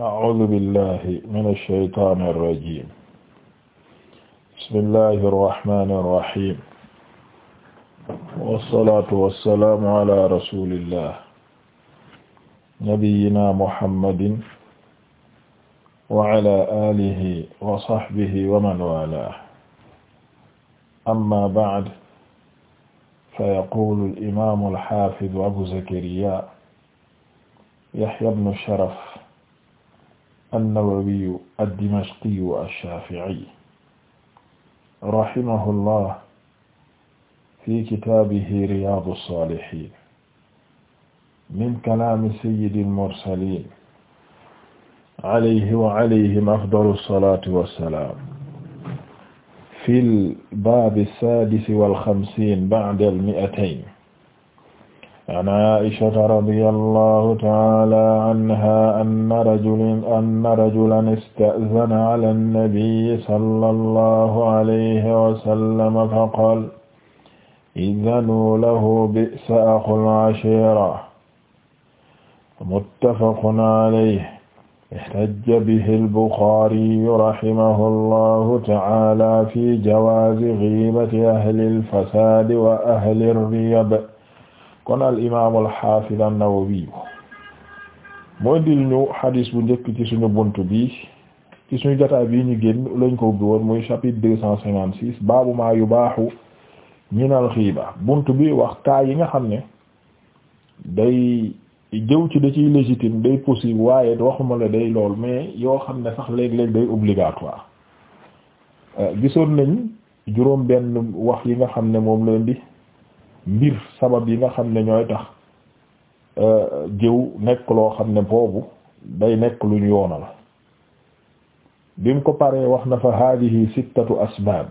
أعوذ بالله من الشيطان الرجيم بسم الله الرحمن الرحيم والصلاة والسلام على رسول الله نبينا محمد وعلى آله وصحبه ومن والاه أما بعد فيقول الإمام الحافظ أبو زكريا يحيى بن الشرف an-Nawawiyu ad-Dimashqiyu ash-Shafi'i rahimahullah fi kitaabihi Riyaadu s-Saalihiin min kalaami sayyidil mursaliin alayhi wa alayhim afdalu s-salaatu wa s-salaam fil baabi s-saadisi wal xamsiin ba'da al-mi'atayn an aishata radiya allahu taala anha anna rajulin anna rajulan ista'zana ala annabiyi salla allahu alayhi wasallama faqaala izanuu lahu bi'sa axul ashiira muttafaqun alayhi ihtajja bihi al-Buxaariyu rahimahu allahu taala fi jawaazi giibati ahli al-fasaadi wa ahli ar-riyab kon al imaam al xaafid an-Nawawi mooy ñu xadis bu njëkk ci suñu bunt bi ci suñu jotaay bi ñu génn lañ ko ubbi woon muy chapitre deux cent cinquante six baabu maa yubaaxu minal xiiba bunt bi wax kaa yi nga xam ne day jëw ci da ciy légitime day possible waaye waxuma la day lool mais yoo xam ne sax léeg-léeg day obligatoire euh, gisoon nañ juróom benn wax yi nga xam ne moom leen di mbir sabab yi nga xam ne ñooy tax euh, jëw nekk loo xam ne boobu day nekk lu ñu yoonal bi mu ko paree wax na fa hadihi sittatu asbaab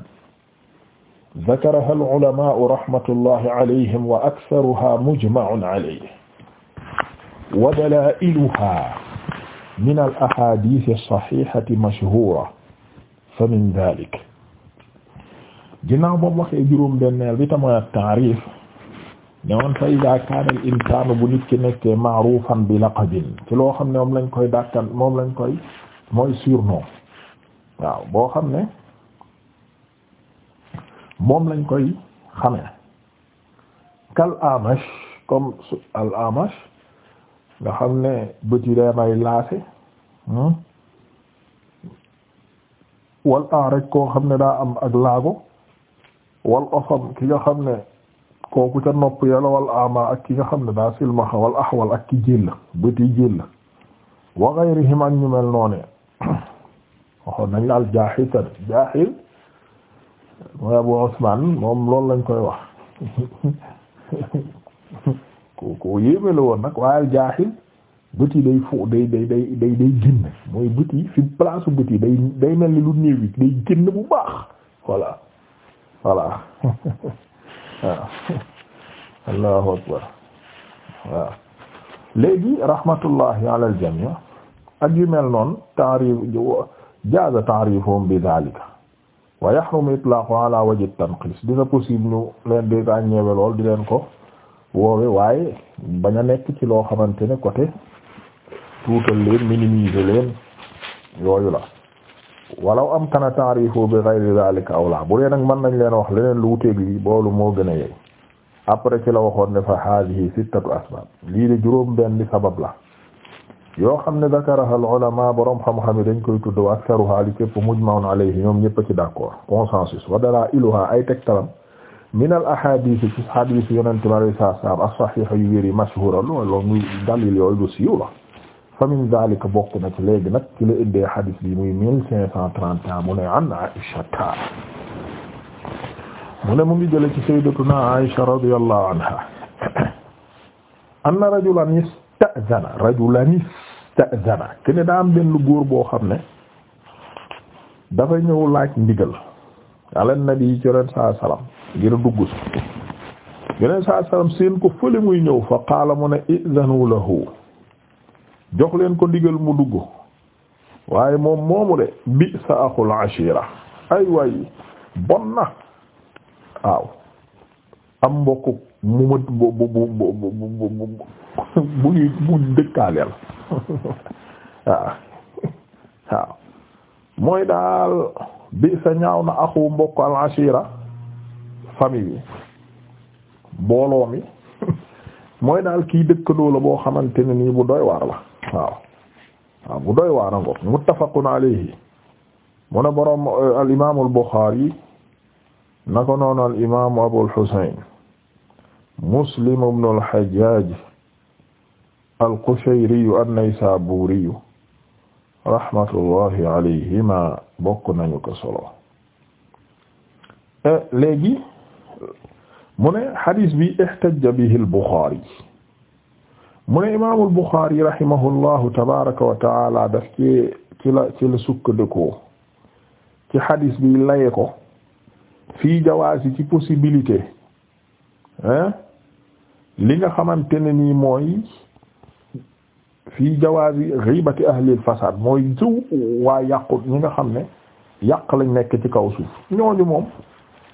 zakaraha al ulama rahmatullahi alayhim wa aktharuha mujma'un alayhi wa dalailuha min al ahadith as sahihati mashhura fa min dhalik ginnaaw boobu waxee juróom benneel bi tamoy at taarif ne woon fa ida kaana al insaanu bu nit ki nekkee ma'rufan bi laqabin ci loo xam ne moom lañ koy dàkkan moom lañ koy mooy surnom waaw boo xam ne moom lañ koy xamee kal amash comme al amash nga xam ne bëti day may laase hmm? wal aaraj koo xam ne daa am ak laago wal osam ki nga xam ne kooku ca nopp yàlla wal ama ak ki nga xam ne daa silmaxa wal axwal ak ki jéll bëti jéll wa gayrihim ak ñu mel noone waxoon nañ la jaaxil tan jaaxil mooy Abu Usman moom loolu lañ koy wax ko yéeme la woon nag waaye al jaaxil bëti day fu day day day day génn mooy bëti fi place bëti day day mel lu néew yi day génn bu baax voilà voilà waaw allahu akbar waaw léegi rahmatullahi ala al jami ak yu mel noon ta'rif jaaza ta'rifuhum bi dhalika wa yahrumu itlaqu ala wajhi tanqis dina possible ñu leen di ràññeewe lool di leen ko woowe waaye bañ nekk ci loo xamante ne côté tuutal leen minimiser leen yooyu la wala am kana ta'rifu bi ghayri dhalika awla bu dee nag mën nañ leen wax leneen lu wuteeg lii boolu moo gën a yey après ci la waxoon ne fa hadihi sittatu asbab lii de juróom benn sabab la yoo xam ne dakaraha al ulama boroom xam-xam yi dañ koy tudd wa aktaruha li képp mujma'un alayhi ñoom ñëpp a ci d'accord consensus wa dalailuha ay tegtalam min al ahadith ci hadith yonente bi alayhi salaam as yu wér yi mashhura loolu dalil yooyu lu siiw fa min zalika bokk na ci léegi nag ci la indee xadis bi muy mille cinq cent trente ans mu ne an Aïsata mu ne mu ngi jële ci sayyidatuna Aïsha radiyallahu anha anna rajulan ista'zana rajulan ista'zana kene daa am benn góor boo xam ne dafa ñëw laaj ndigal ala nabi ci ren saa salaam ngir dugg si yeneen saa salaam seen ko fële muy ñëw fa qaala mu ne izanu lahu jox leen ko ndigal mu dugg waaye moom moomu de bi sa axul ashira ay waay bon na waaw am mbokk mu mët bu bu bu bu bu bu bu bu bu dëkkaaleel waaw waaw mooy daal bi sa ñaaw na axu mbokk al ashira famille bi booloo mi mooy daal kii dëkkandoo la boo xamante ne nii bu doy waar la waaw waaw bu doy waar ngoog muttafaqun alayhi mu ne boroom euh, al imaamu al Buxaari Muslim ibn al Hajjaaj al Qushayri an bokk nañu ko solo euh, léegi mu ne xadiis bi ihtajja bihi al mu ne imaamul Buxaari rahimahullahu tabaaraka wa taala daf ci la ci la sukkandikoo ci hadis bi laye ko fii jawaasi ci possibilité hein li nga xamante ne nii mooy fii jawaasi ghibati ahlil fasaad mooy jëw waa yàqu ñi nga xam ne yàq lañ nekk ci kaw suuf ñooñu moom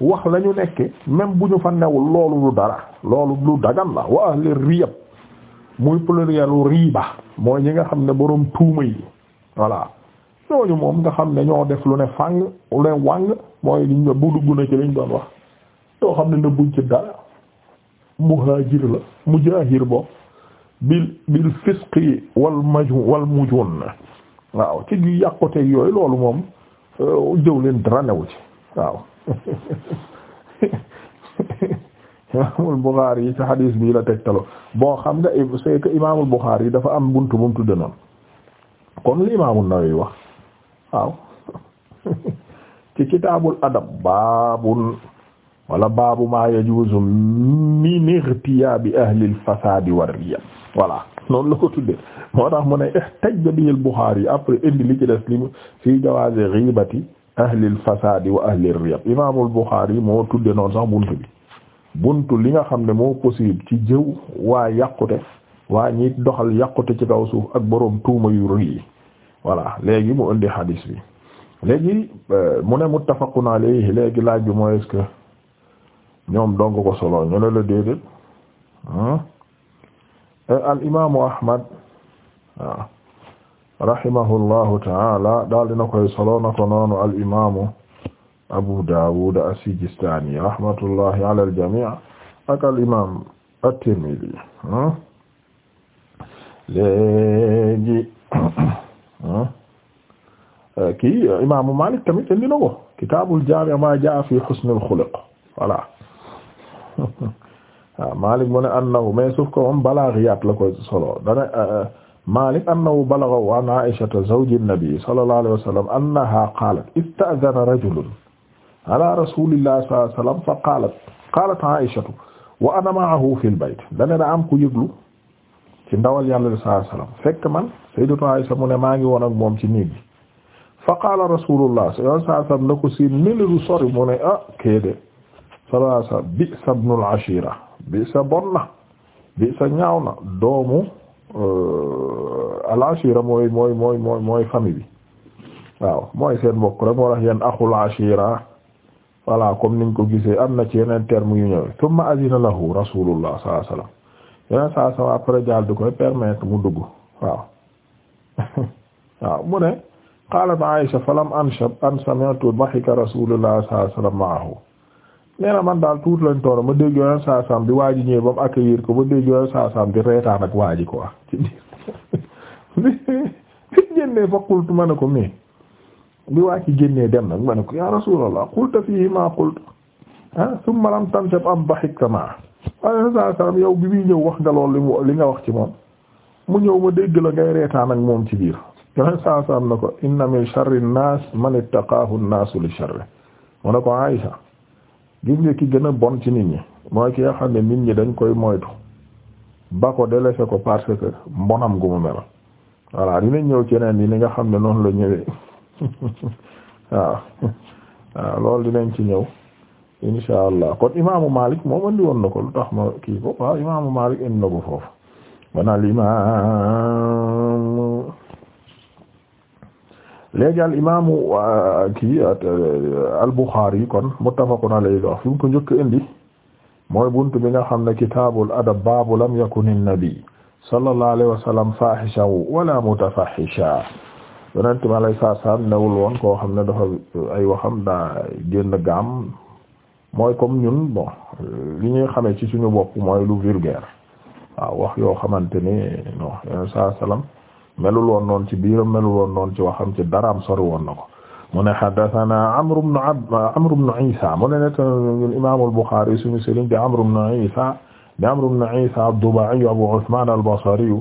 wax lañu nekke même bu ñu fa newul loolu lu dara loolu lu dagan la wa ahlir riyab muy pluriel u riiba mooy ñi nga xam ne boroom tuuma yi voilà ñooñu moom nga xam ne ñoo def lu ne fàng lu ne wàng mooy liñ bu dugg na ci liñ doon wax yoo xam ne nëbbuñ ci dara muhaajir la mujaahir bo bil bil fisqi wal maju wal mujun waaw ci gi yàqoteeg yooyu loolu moom euh, jëw leen dara newu ci waaw imaamul Buxaari yi ci hadis bii la tegtaloo bon xam nga c'est que imaamul Buxaari yi dafa am buntu bu mu tudde kon li imaamul Nawawi wax waaw ci kitaabul adab baabun wala baabu ma yajuuzu min ightiyaabi ahlil fasaadi war riya voilà noonu la ko tuddee moo tax mu ne ihtajja bihil Buxaari après indi li ci des li fi jawaazi ghiibati ahlil fasaadi wa ahlir riya imaamul Buxaari moo tudde noonu sax buntu bi. buntu li nga xam ne moo possible ci jëw waa yàqute waa ñi doxal yàqute ci kaw suuf ak boroom tuuma yu rëy yi voilà léegi mu indi hadis bi léegi euh, mu ne muttafaqun alayhi léegi laaj bi mooy est-ce que ñoom dong ko solo ñu ne la déedéet euh, al imaamu Ahmad waaw rahimahullahu taala daal dina koy solo na ko noonu al imaamu Abu Dawud as-Sijistani rahmatullahi ala al-jami' ak al-imam at-Tirmidhi ah. léegi ah. kii imaamu Malik tamit indi na ko kitaabul jaami' ma jaa'a fi husnil xuluq voilà waaw ah, Malik mu ne annahu mais suuf ko moom balaaxiyaat la koy solo dana Malik annahu balaghahu an Aysata zawji nabi sallallahu alayhi wa sallam annaha qaalat ista'dhana rajulun ala rasulillahi sallallahu alayhi wa sallam fa qaalat qaalat Aïshatu wa ana ma'ahu fil bayt dane da am ku yëglu ci ndawal yàlla sallallahu alayhi wa sallam fekk man sayyidatu Aïsha mu ne maa ngi woon ak moom ci néeg bi fa qaala rasulullah sallallahu alayhi wa sallam na ko si milidu sori mu ne ah kéede sallallahu alayhi wa sallam bi sa ibnul ashira bi sa bon na bi sa ñaaw na doomu euh, al ashira mooy mooy mooy mooy mooy famille bi waaw mooy seen mbokk rek moo tax yeen axul ashira voilà comme niñ ko gisee am na ci yeneen terme yu ñëwee thumma azina lahu rasulullah sallallahu alayhi yeneen saa sama après jaal di koy permettre mu dugg waaw waaw mu ne qalat Aisha falam anshab an sami'tu dhahika rasulullah sallallahu alayhi wasallam ma'ahu nee man daal tuuti lañ toora ma dégg yeneen saa sam bi waa ji ñëwee ba mu accueillir ko ma dégg yeneen saa sam bi reetaan ak waa ji quoi ci biir fa qultu ma ne ko mais bi waa ci génnee dem nag ma ne ko ya rasulallah qulta fihi ma qulta ah thumma lam tanshab am bi muy ñëw wax nga lool li nga wax ci moom mu ñëw ma dégg la ngay reetaan ak moom ci biir yoneen saa salaam na ko inna min sharri nnaas man ittaqaahu nnaasu li sharri mu ne ko Aïsa gis nga ki gën a bon ci nit ñi mooy ki nga xam ne nit ñi dañ koy moytu ba ko délaissé ko parce que mbonam gu mu mel voilà dinañ ñëw keneen yeneen yi ni nga xam ne noonu la ñëwee waaw waaw loolu dinañ ci ñëw insha allah kon imaamu Malik moom andi woon na ko lu tax ma kii ko waaw imaamu Malik indi na ko foofu man al imaamu léegi al imaamu kii al Bukhari kon muttafaqun alayhi wax fi mu ko njëkk indi mooy buntu bi nga xam ne kitaabul adab baabu lam yakun an-nabi sallallahu alayhi wa sallam faahishan wala mutafahishan yonent mi alayhi salaatu salaam newul woon koo xam ne dafa ay waxam daa génn gaam mooy comme ñun bon li ñuy xamee ci suñu bopp mooy lu vulgaire waaw wax yoo xamante ni non yonent salaatu salaam melul woon noonu ci biiram melul woon noonu ci waxam ci daraam sori woon na ko. mu ne haddasanaa Amr ibn Abd Amr ibn Isa mu ne nettal imaamul Buxaari suñu sëriñ di Amr ibn Isa di Amr ibn Isa ad-Duba'i Abu Usmaan al-Basri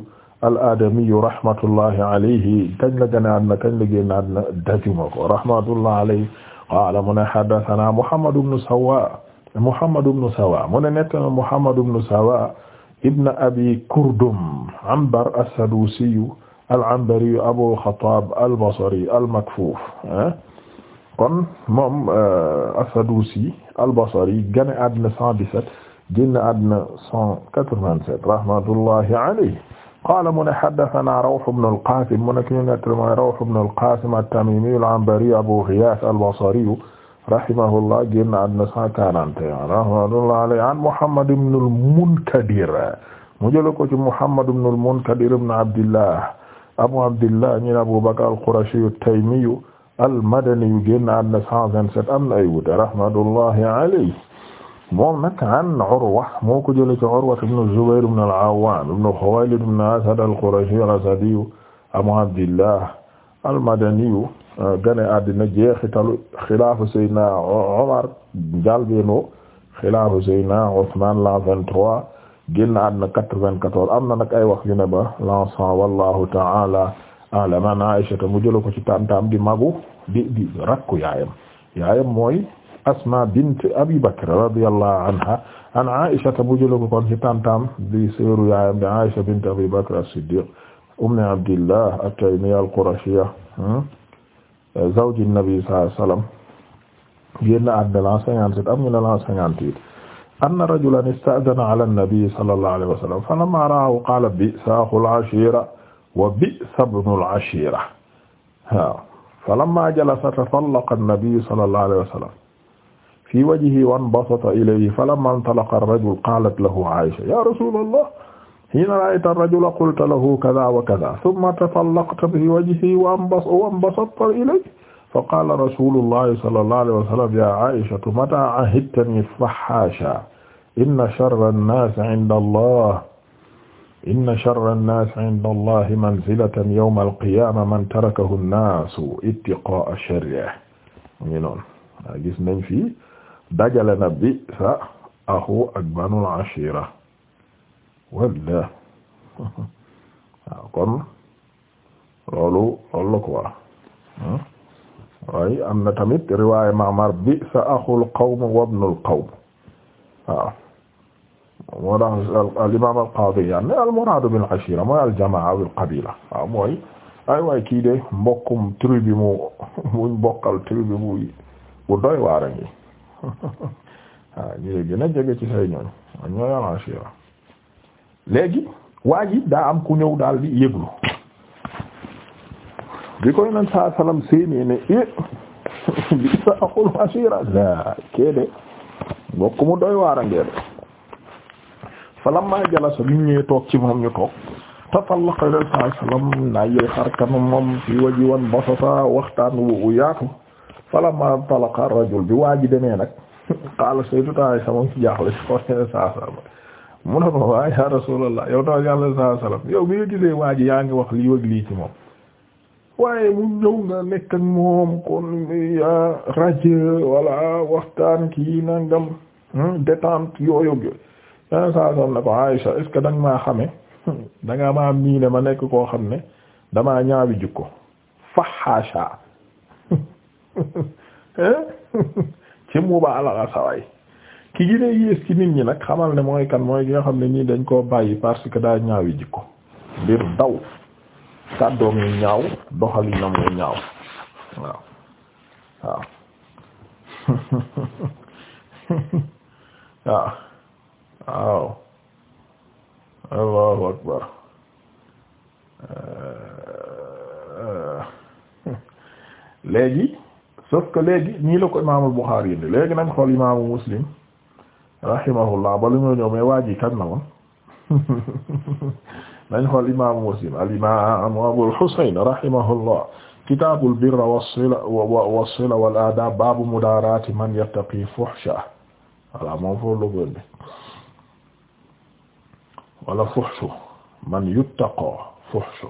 al adamiyu rahmatullahi alayhi kañ la gane àddina kañ la génn àddina dajuma ko rahmatullahi alayhi qaala mu ne haddathana Muhammad ibn Sawa Muhammad ibn Sawa mu ne nettana Muhammad ibn Sawa ibn Abi Kurdum Anbar as-Sadusi al-Anbari Abu Khattab al-Basri al-Makfuf ah. kon moom euh, as-Sadusi al-Basri gane àddina 117 génn àddina 187 rahmatullahi alayhi qaala mu ne haddasanaa Rawh ibn al-Qaasim mu ne ki ñu nettali mooy Rawh ibn al-Qaasim at-Tamiimi al-Anbari Abu Ghiyaas al-Basri rahimahullah génn àddina 141 rahmatullahi alayhi an Muhammad ibn al-Munkadir mu jël ko ci Muhammad ibn al-Munkadir ibn Abdillah Abu Abdillah ñu ne Abu Bakr al-Qurashi at-Taymi al-Madani génn àddina 127 am na ay wuute rahmatullahi alayhi moom nag an Urwa moo ko jëlee ci Urwa ibn Zubayr ibn al-Awwam ibn Khuwaylid ibn Asad al-Qurashi al-Asadi Abu Abdillah al-Madani gane àddina jeexitalu xilaafu Seydina Omar njalbeenu xilaafu Seydina Ousmane l'an 23 génn àddina 94 am na nag ay wax yu ne ba l'an 100 wallahu ta'ala a'lam an Aisha mu jëlee ko ci tantam di magu di di rakku yaayam yaayam mooy. Asma bint Abi Bakr radiyallahu anha an Aisha bu jël ko kon ci tantam di seeru yaayam di Aisha bint Abi Bakr as-Siddiq ummu Abdillah at-Taymiyya al-Qurashiyya hmm? zawju an-nabi sallallahu alayhi wasallam génn àddina la 57 am ñu ne la 58 anna rajulan ista'dana ala an-nabi sallallahu alayhi wasallam falamma ra'ahu qala bi'sa akhul 'ashira wa bi'sa ibnul 'ashira waaw falamma jalasa tatallaqa an-nabi sallallahu alayhi wasallam fi wajhihi wanbasata ilayhi falamma intalaqa ar-rajul qalat lahu Aisha ya rasulallah hina ra'ayta ar-rajula qulta lahu kadha wa kadha thumma tatallaqta fi wajhihi wanbasata ilayhi faqala rasulullah sallallahu alayhi wa sallam ya Aisha mata ahidtani fahhasha inna sharra an-nas 'inda Allah inna sharra an-nas 'inda Allah manzilatan yawma al-qiyamah man tarakahu an-nas ittiqa'a sharrihi ñu noon gis nañ fi dajale na bi sa axu ak banul ashira walla kon loolu loolu la quoi hmm? am na tamit riwaaya Ma'mar bi sa axul qawm wabnul qawm waaw moo tax al imaam al qaadi yaa ne al muraadu bil ashira mooy al jamaa al qabila ay waay kii mbokkum tribu mu mu bokkal tribu bu bu doy waaw ah, ñi gën a jege ci say ñooñ ah, ñooy al-ashira léegi waa ji daa am ku ñëw daal di yëglu bi koy nan saa salam seeni ne eh, i bi sa axul ashira la kee de mbokk mu doy waara ngee de falamma jalasa bi ñëwee toog ci moom ñu toog tatallaq sallallahu alayhi wasallam naa yoy xar moom fi wajiwan basata waxtaan wu yaatu falamma talaqa rajul bi waa ji demee nag qaala sayyidatu Aysa moom ci jaaxle si xool yeneen saa salaam mu ne ko waaye yaa Rasuulallah yow daal yàlla yaa ngi wax lii wëg lii ci moom waaye mu ñëw nga nekk ak moom kon yaa rajo waxtaan kii nangam hmm, détente yooyu yooyu yeneen saa salaam ne ko Aysa est-ce que da nga miine ma nekk koo xam ne damaa ñaawi jikko fahaasha ci mubaalaga saway ki gën yées ci nit ñi nag xamal ne mooy kan mooy ki nga xam ne nii dañ koo bàyyi parce que daa ñaawi jikko mbir daw kàddoom yu ñaaw doxalinam yu ñaaw waaw waaw waaw waaw léegi sauf que léegi ñii la ko imaamul Buxaari yi léegi nañ xool imaamu Muslim rahimahullah ba lu ñoo ñëw mais waa ji kan na woon nañ xool imaamu Muslim al imaam Abul Husayn rahimahullah kitaabul birri was-sila wal aadaab baabu mudaaraati man yattaqi fuhsha voilà moom foofu la góor bi wala fuhshu man yuttaqa fuhshu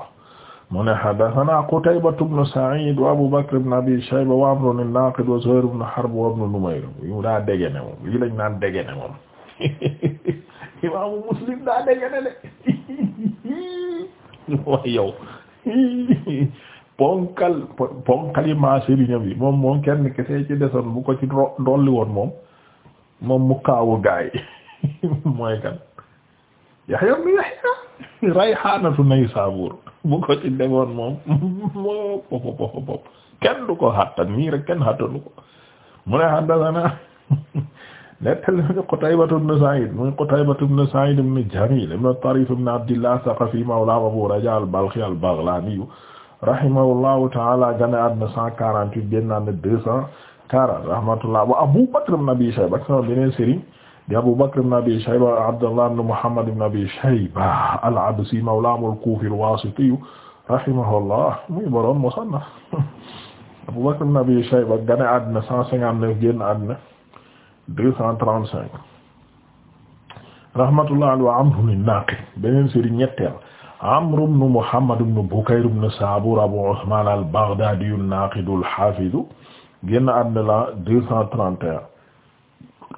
mu ne haddasanaa Qutaybatu bnu Sa'iid wa Abuu Bakr ibnu Abii Shayba wa Amrun naaqid wa Zuhayr ibnu Harb wa Ibnu Numayr yu daa dégg ne moom lii lañ naan Muslim daa dégg ne de waaye yow ponkal ponkali maa sëriñam yi moom moom kenn kese ci bu ko ci dolli woon moom moom mu kaawu mooy kan Yahya ibnu Yahya Rayhaanatu Naysaabuur bu ko ci degoon moom moo pop pop pop kenn du ko xattan nii rek kenn xattanu ko mu Qutaybatu ibn Sa'id muy Qutaybatu ibn Sa'id ibn Jamil ibn Tarif ibn Abdillah Saqafi mawla Abu Raja al-Balkhi al-Baghlani rahimahullahu ta'ala gane àdduna 148 génn àdduna 240 rahmatullah wa Abu Bakr ibn Abi Shayba ak sama di Abu Bakr ibn Abi Shayba Abdullah ibn Muhammad ibn Abi Shayba al-Absi mawlaahum al-Kufi al-Wasiti rahimahullah muy borom Musannaf Abu Bakr ibn Abi Shayba gane àddina 159 génn àddina 235 rahmatullah alayhi wa Amr an-Naqi beneen sëriñ ñetteel Amr ibn Muhammad ibn Bukayr ibn Sabur Abu Uthman al-Baghdadi an-Naqid al-Hafiz génn àddina la 231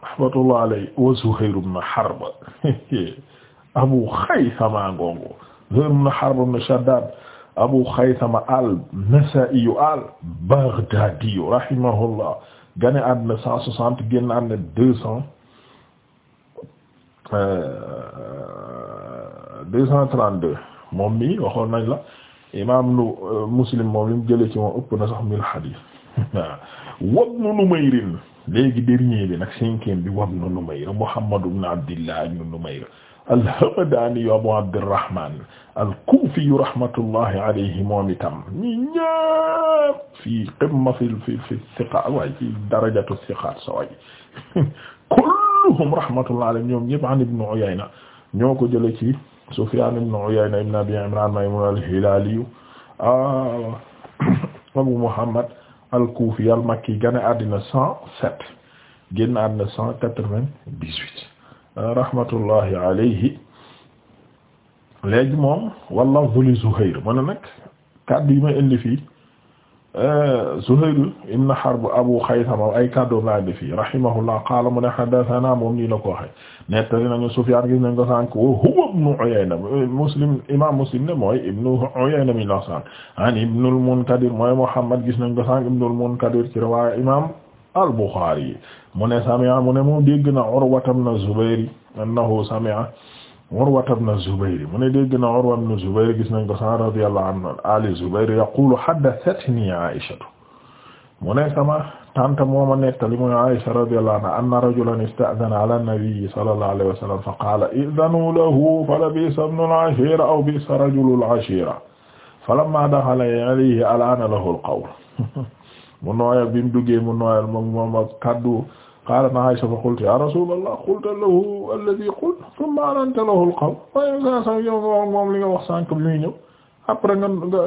rahmatullah alayhi wa Zuhayr ibn Harb Abu Khaythama ngongo Zuhayr ibn Harb ibn Shaddad Abu Khaythama al-Nasa'i al-Baghdadi rahimahullah gane àddina cent soixante génn àddina deux cent euh, deux cent trente-deux moom mi waxoon nañ la imaam nu euh, Muslim moom li mu jëlee ci moom ëpp na sax mil hadith wa ibn Numayr léegi dernier bi nag cinquième bi wam nu Numayr Muhammad ibn Abdillah ibn Numayr al-Hamdani Abu Abdirrahman al-Kufi rahmatullahi alayhi moom itam ñi ñëpp fii qimma fi fi fi thiqa waay fi darajatu thiqat saway kulluhum rahmatullahi alayhim ñoom ñëpp an Ibn Uyayna ñoo ko jële ci Sufyan ibn Uyayna ibn Abi Imran Maymun al-Hilali ah, Abu Muhammad al-Kufi al-Makki gane àddina cent sept génn àddina cent quatre-vingt-dix-huit rahmatullahi alayhi léegi moom walla zuli Zuhayr mu ne nag kàddu yi may indi fii Zuhayr ibn Harb Abu Khaythama ay kàddoom laa def fii rahimahullah qaala mu ne haddathanaa moom nii la ko waxee nettali nañu Sufyaan gis nañ ko sànq wa huwa ibn Uyayna Muslim imaam Muslim ne mooy ibn Uyayna mi la sànq an ibn al-Munkadir mooy Muhammad gis nañ ko sànq ibn al-Munkadir ci riwaaya imaam al-Bukhari mu ne sami'a mu ne moom dégg na Urwa ibn Zubayr annahu sami'a Urwa ibn Zubayr mu ne dégg na Urwa ibn Zubayr gis nañ ko sa radiyallahu anhu ali Zubayr yaqulu haddathatni Aisha mu ne sama tante moo ma nettali mu Aisha radiyallahu anha anna rajulan ista'dhana ala an-nabi sallallahu alayhi wa sallam fa qala idhanu lahu fa labisa ibnu al-ashira aw bi'sa rajulu al-ashira falamma dakhala alayhi alana lahu al-qawl mu nooyal bi mu duggee mu nooyal moom moom ak kaddu qaalat Aisha fa qultu ya rasulallah qulta lahu alladhi qult thumma ananta lahu al-qawl waaye saa saa yow nga wax moom li nga wax sànq bi muy ñëw après nga nga nga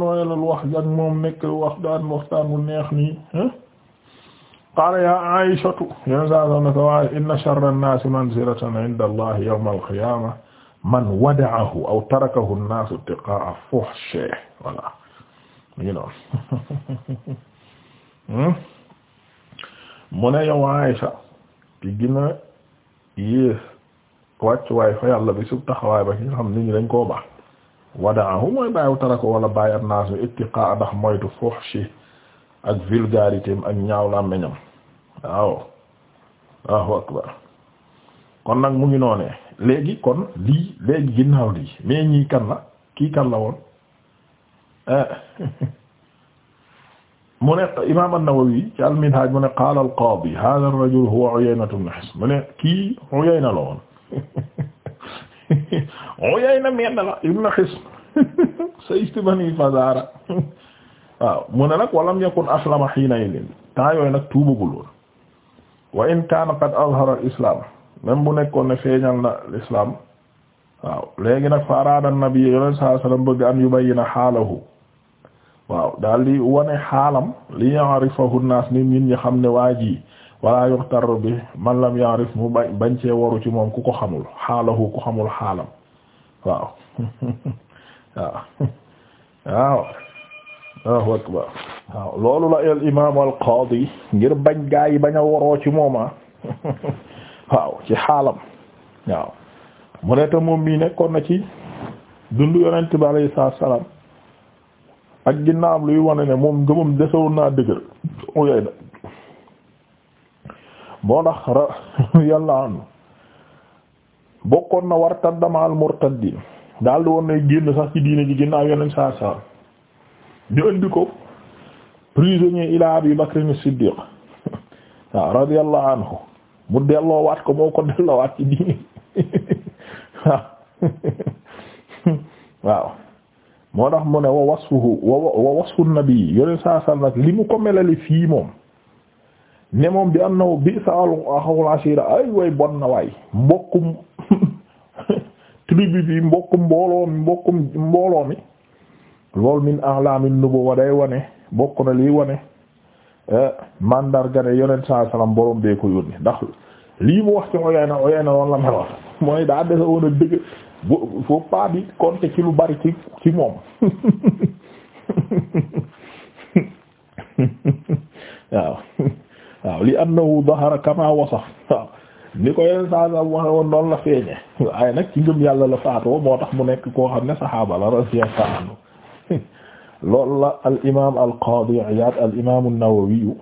nooyalal wax ak moom nekk wax daan waxtaan wu neex nii. qaala ya Aisha yenn saa saa ne ko waaye inna sharra an-naasi manzilatan 'inda Allah yawm al-qiyaamah man wada'ahu aw tarakahu an-naas ittiqaa'a fuhshihi voilà. mu ne yow Aysa ki gina yées wàcc fa yàlla bi sub taxawaay ba ki nga xam nit ñi dañ koo baax wadaahu mooy bàyyiw tara ko wala bàyyi an naas mi ittiqaa ndax moytu fuhshi ak vulgarité ak ñaaw meñam waaw waaw akbar kon nag mu ngi noonee léegi kon lii léegi ginnaaw lii mais ñii kan la kii kan la woon ah. mu ne Imaam an-Nawawi ci al-Minhaj mu ne qaala al-qaadi haadha ar-rajul huwa Uyayna ibn Hisn mu ne kii Uyayna la woon Uyayna mel na la ibn Hisn sayyid bani Fazaara waaw mu ne nag wa lam yakun aslama hiina'idhin temps yooyu nag tuubagul woon wa in kaana qad azhara al-islaam même bu nekkoon ne feeñal na l'islam waaw léegi nag fa araada an-nabi sallallahu alayhi wa sallam bëgg an yubayyina haalahu waaw daal di wone xaalam li ya'rifahu an-nas ni nit ñi xam ne waa ji wala yuxtar bi man lam ya'rif mu bañ bañ cee waru ci moom ku ko xamul xaalahu ku xamul xaalam waaw waaw loolu la al imam al qaadi ngir bañ gaa yi baña a waroo ci mooma ah. waaw ci xaalam waaw mu ne te moom mii nekkoon na ci dundu yonent bi alayhi salaam ak ginnaawam luy wane ne moom gëmam desewoon naa dëgër Uyayna moo tax yàlla am bokkoon na war taddama al murtaddiin daldi woon na génn sax ci diine ji ginnaaw yeneen saa saa ñu indi ko prisonnier ila Abi Bakr as-Siddiq waaw radiyallahu anhu mu delloo waat ko moo ko delloo waat ci diine waaw moo tax mu ne wa wasfuhu wa wasfu nabi yoneen saa sal nag li mu ko melali fii moom ne moom bi am na bi sa axawul ay way bon na waay mbokkum tribu bi mbokkum mbooloo mi mbokkum mbooloo mi lool min a'lami nubuwa day wane bokk na lii wane eh, màndarga ne yonent saa salaam borom bee ko yónni ndax lii mu wax ci Uyayna Uyayna noonu la meloon mooy daa dese woon a dëgg bu faut pas ci lu bari ci ci moom waaw waaw li annahu dahara kama wasaf ni ko yeneen saa saa waxe woon la feeñe waaye nag ci ngëm yàlla la faatoo moo tax mu nekk koo xam ne saxaaba la radiyallahu anhu loolu la al imaam al qaadi Iyaad al imaam an-Nawawi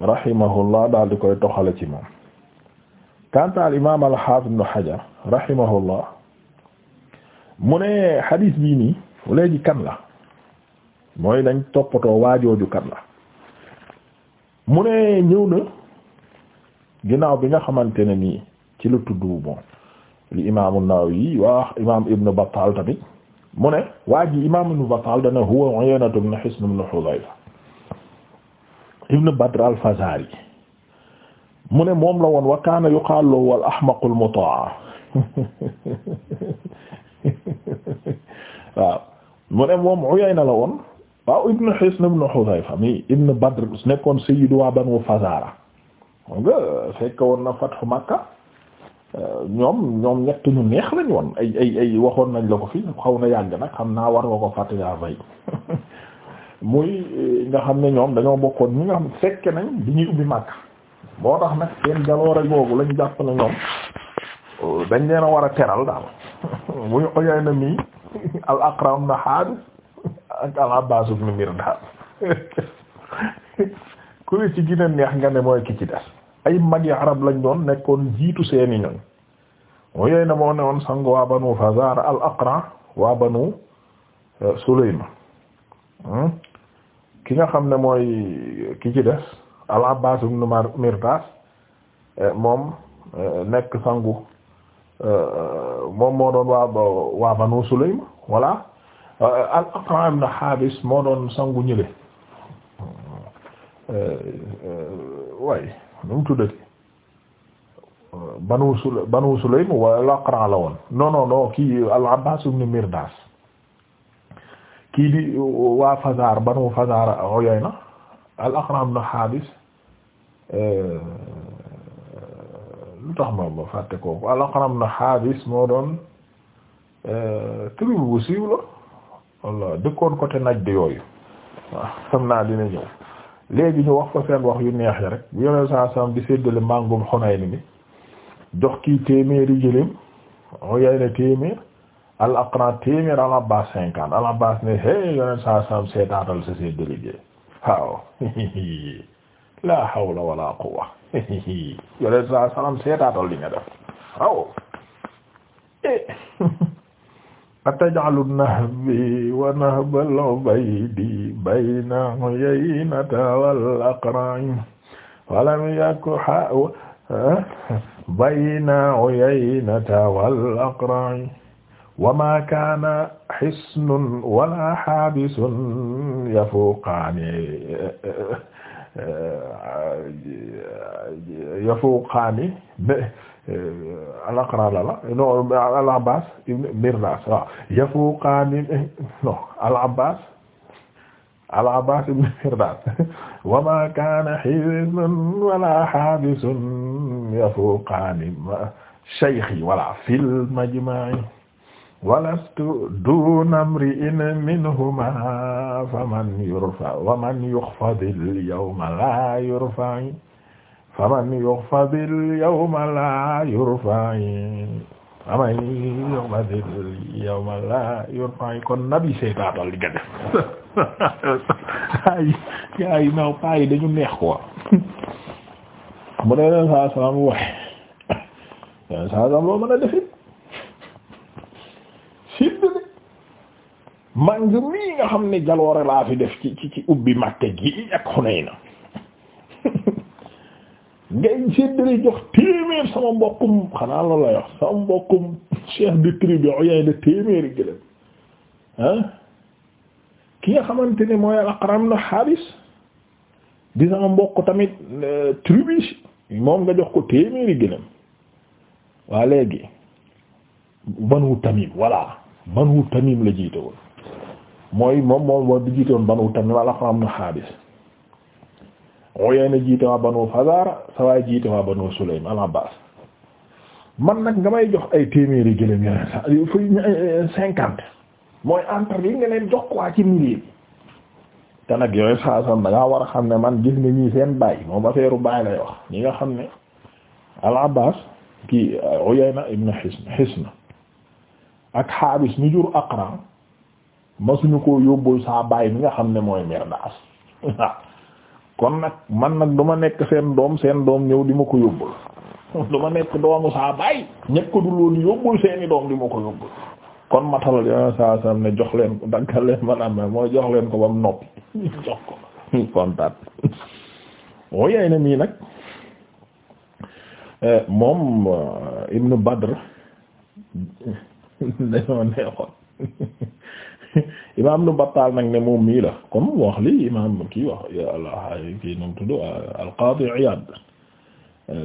rahimahullah daal di koy toxale ci moom kanta al imaam al haafiz ibn Hajar rahimahullah mu ne hadis bii nii léegi kan la mooy dañ toppatoo waajooju kan la mu ne ñëw na ginnaaw bi nga xamante ne nii ci lu tudd bon li imaamu An-Nawawi waa imaam Ibn Battal tamit mu ne waa ji imaam Ibn Battal dana huwa Uyaynatu ibn Hisn ibn Hudayfa ibn Badr al-Fazari mu ne moom la woon wa kaana yuqaalu wal ahmaqul waaw mu ne moom na la woon waaw ibnu Hisn ibnu Hudayfa mi ibnu Badr nekkoon sayyidu waa Banu Fazara xam nga fekk woon na fathu Makka euh, ñoom ñoom ñett ñu neex lañ woon ay ay ay waxoon nañ la ko fi xaw na yàgg nag xam naa war nga ko fàttaliaa fay muy euh, nga xam ne ñoom dañoo bokkoon ñi nga xam fekke nañ bi ñuy ubbi Makka moo tax nag seen jaloore googu lañ jàpp na ñoom dañ leen a war a teral daal bu ñu oyay na mii al aqram na xaadis ak al abbas ibn mirdad ku ne ci gën neex nga ne mooy ki ci des ay mag yi arab lañ doon nekkoon jiitu seeni ñoñ oyay na moo ne woon sang waa al aqra waa banu euh, sulayma hmm? ki nga xam ne mooy ki ci des al abbas ibn mirdad euh, moom euh, nekk sangu Euh, moom moo doon waa waa Banu Sulaym voilà euh, al-Aqra' ibn Habis moo doon sangu ñële euh, waaye nu mu tuddati Banu Sulaym Banu Sulaym wala al-Aqra' la woon non non kii al-Abbas ibn Mirdas kii di waa Fazaar Banu Fazaar Uyayna al-Aqra' ibn Habis lu tax ma ma fàtte kooku Al-Aqram na xaabis moo doon euh, tribu bu siiw la walla dëkkoon côté Najd yooyu waaw xam naa dina ñëw léegi ñu wax fa seen wax yu neex ya rek bu yoneen saa saam di séddale màngum Hunayn mi jox kii téeméeri jëlim Uyayna téeméer al téeméer al cinquante al ne hey yoneen saa saam seetaatal sa séddale jël waaw la hawla wala quwwa yole sa salam seetaatal li nga def waaw eh. atajalu nahbi wa nahbal ubaydi bayna uyaynata wal aqra'in walam yaku ha bayna uyaynata wal aqra'in wa ma kana hisnun wala habisun yafuqani Euh, euh, euh, yafuqaani alaqran la la non al abbas ibn mirdas waaw yafuqaani non al abbas al abbas ibn mirdas wa ma kaana hiizun wala haabisun yafuqaani shaykhi wala fil majma'i walastu duuna mri'in minhumaa faman yurfa waman yuxfadil yawma laa yurfa'i faman kon nabi seetaatal li nga def ay ay naw paa yi dañu neex quoi mu ne leen saa salaam waxe saa salaam loo mën a defi sidd man gi nga xam ni jaloore laa fi def ci ci ci ubbi Makka gi ak Xunayna ngay séddale jox téeméer sama mbokkum xanaa loolu yox sama mbokkum chef nga xamante ne mooy Al-Aqram na Haabis di sama mbokk tamit euh, tribu moom nga jox ko téeméeri gëlëm waa léegi Banu Tamim voilà banu tamim la jiite woon mooy moom moom moo di jiite woon banu tamim al-Aqra' ibn Haabis Uyayna jiite waa banu Fazaara sawaay jiite waa banu Sulaym al-Abbaas man nag nga may jox ay téeméeri gëléem yeneen sax mooy entre yi nga leen jox quoi ci millier bi te nag yooyu saa saa da ngaa war a xam ne man gis nga ñii seen baay moom affaire baay lay wax ñi nga xam ne al-Abbaas kii Uyayna ibn Hisn Hisn ak xaabis ñu jur Aqra ma suñu ko yóbbul saa baay mi nga xam ne mooy Mirdaas waaw kon nag man nag duma nekk seen doom seen doom ñëw di ma ko yóbbul ma nekk doomu saa baay ñëpp ko yóbbul seeni doom di ma ko yóbbul kon matalal yo saa sam ne jox leen ko daggal leen man amee mooy jox leen ko ba mu noppi jox ko kontaan wooyey na mii nag eh, moom eh, Ibnu Badr dañoo neexoon imaam nu Battaal nag ne moom mii la comme wax li imaam kii wax allah kii nu mu al-Qaadi Iyaad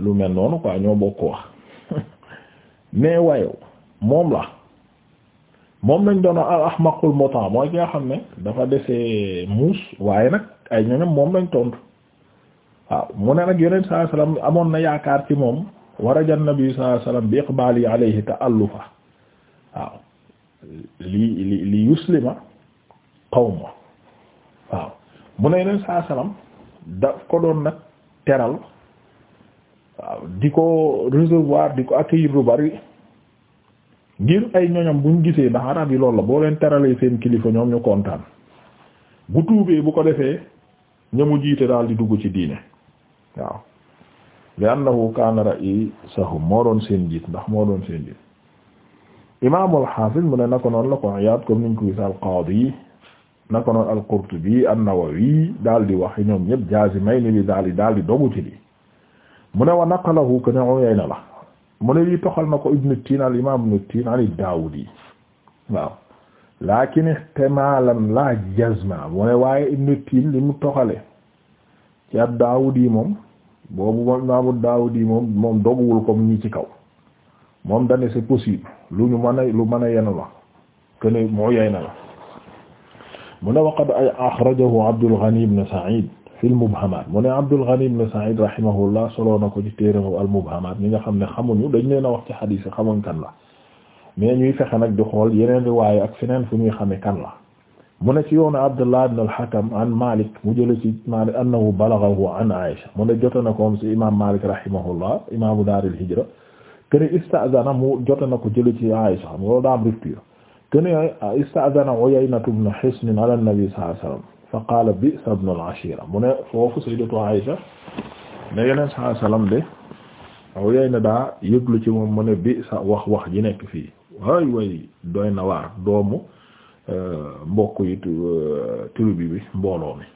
lu mel noonu quoi ñoo bokk wax mais waaye moom la moom lañ doon al-ahmaqul mutaa mooy ki nga xam ne dafa desee muus waaye nag ay ñoñom moom lañ tontu waaw mu ne nag yonent sallallahu alayhi wasallam amoon na yaakaar ci moom waraja nabi sallallahu alayhi wasallam bi iqbaali alayhi ta'allufa waaw li li li yuslima qawma waaw mu ne yeneen saa salaam daf ko doon nag teral waaw di ko recevoir di ko accueillir lu bari ngir ay ñoñam buñ gisee ndax arab yi lool la boo leen teralee seen kilifa ñoom ñu kontaan bu tuubee bu ko defee ñamu jiite daal di dugg ci diine waaw li annahu kaana ra'isahum moo doon seen jiit ndax moo doon seen jiit imaam al-Hafiz mu ne naka noonu la ko Iyaad comme niñ ko gis al-Qaadi naka noonu al-Qurtubi an-Nawawi daal di wax ñoom ñëpp jaazimayni bi daal di daal di dogu ci li mu ne wa naqalahu ko ne Uyayna la mu ne lii toxal na ko Ibn Tiin al-imaam Ibn Tiin ad-Daawudi waaw laakin ihtimaalan laa jazman mu ne waaye Ibn Tiin li mu toxale ci ad-Daawudi moom boobu moom imaam daawudi moom moom ko mu ñi ci kaw. moom dane c'est possible lu ñu mën a lu mën a yenu la kene moo yey na la mu ne waqad ay axrajahu Abdul Ghani ibn Sa'id fi al-Mubhamat mu ne Abdul Ghani ibn Sa'id rahimahullah soloo na ko ci téeréma al-Mubhamat ñi nga xam ne xamuñu dañ leen a wax ci xadiis yi xamuñ kan la mais ñuy fexe nag di xool yeneen waay ak feneen fu ñuy xamee kan la mu ne ci yoonu Abdullah ibn al-Hakam an Malik mu jële ci Malik annahu balaghahu an Aisha mu ne jota na ko moom ci imam Malik rahimahullah imamu daar i hijra kene istazana mu jote na ko jële ci Aisha loolu daa am rupture kene ah, istazana Uyaynatu ibn Hisn ala nabi sallallahu alayhi wasallam fa qala bi'sa ibn al-ashira mu ne foofu sayyidatu Aisha ne yeneen sallallahu alayhi wasallam de Uyayna daa yëglu ci moom mu ne sa wax wax ji nekk fii waay way doy na waar doomu euh, mbokk yi euh, tribu bi mbooloo mi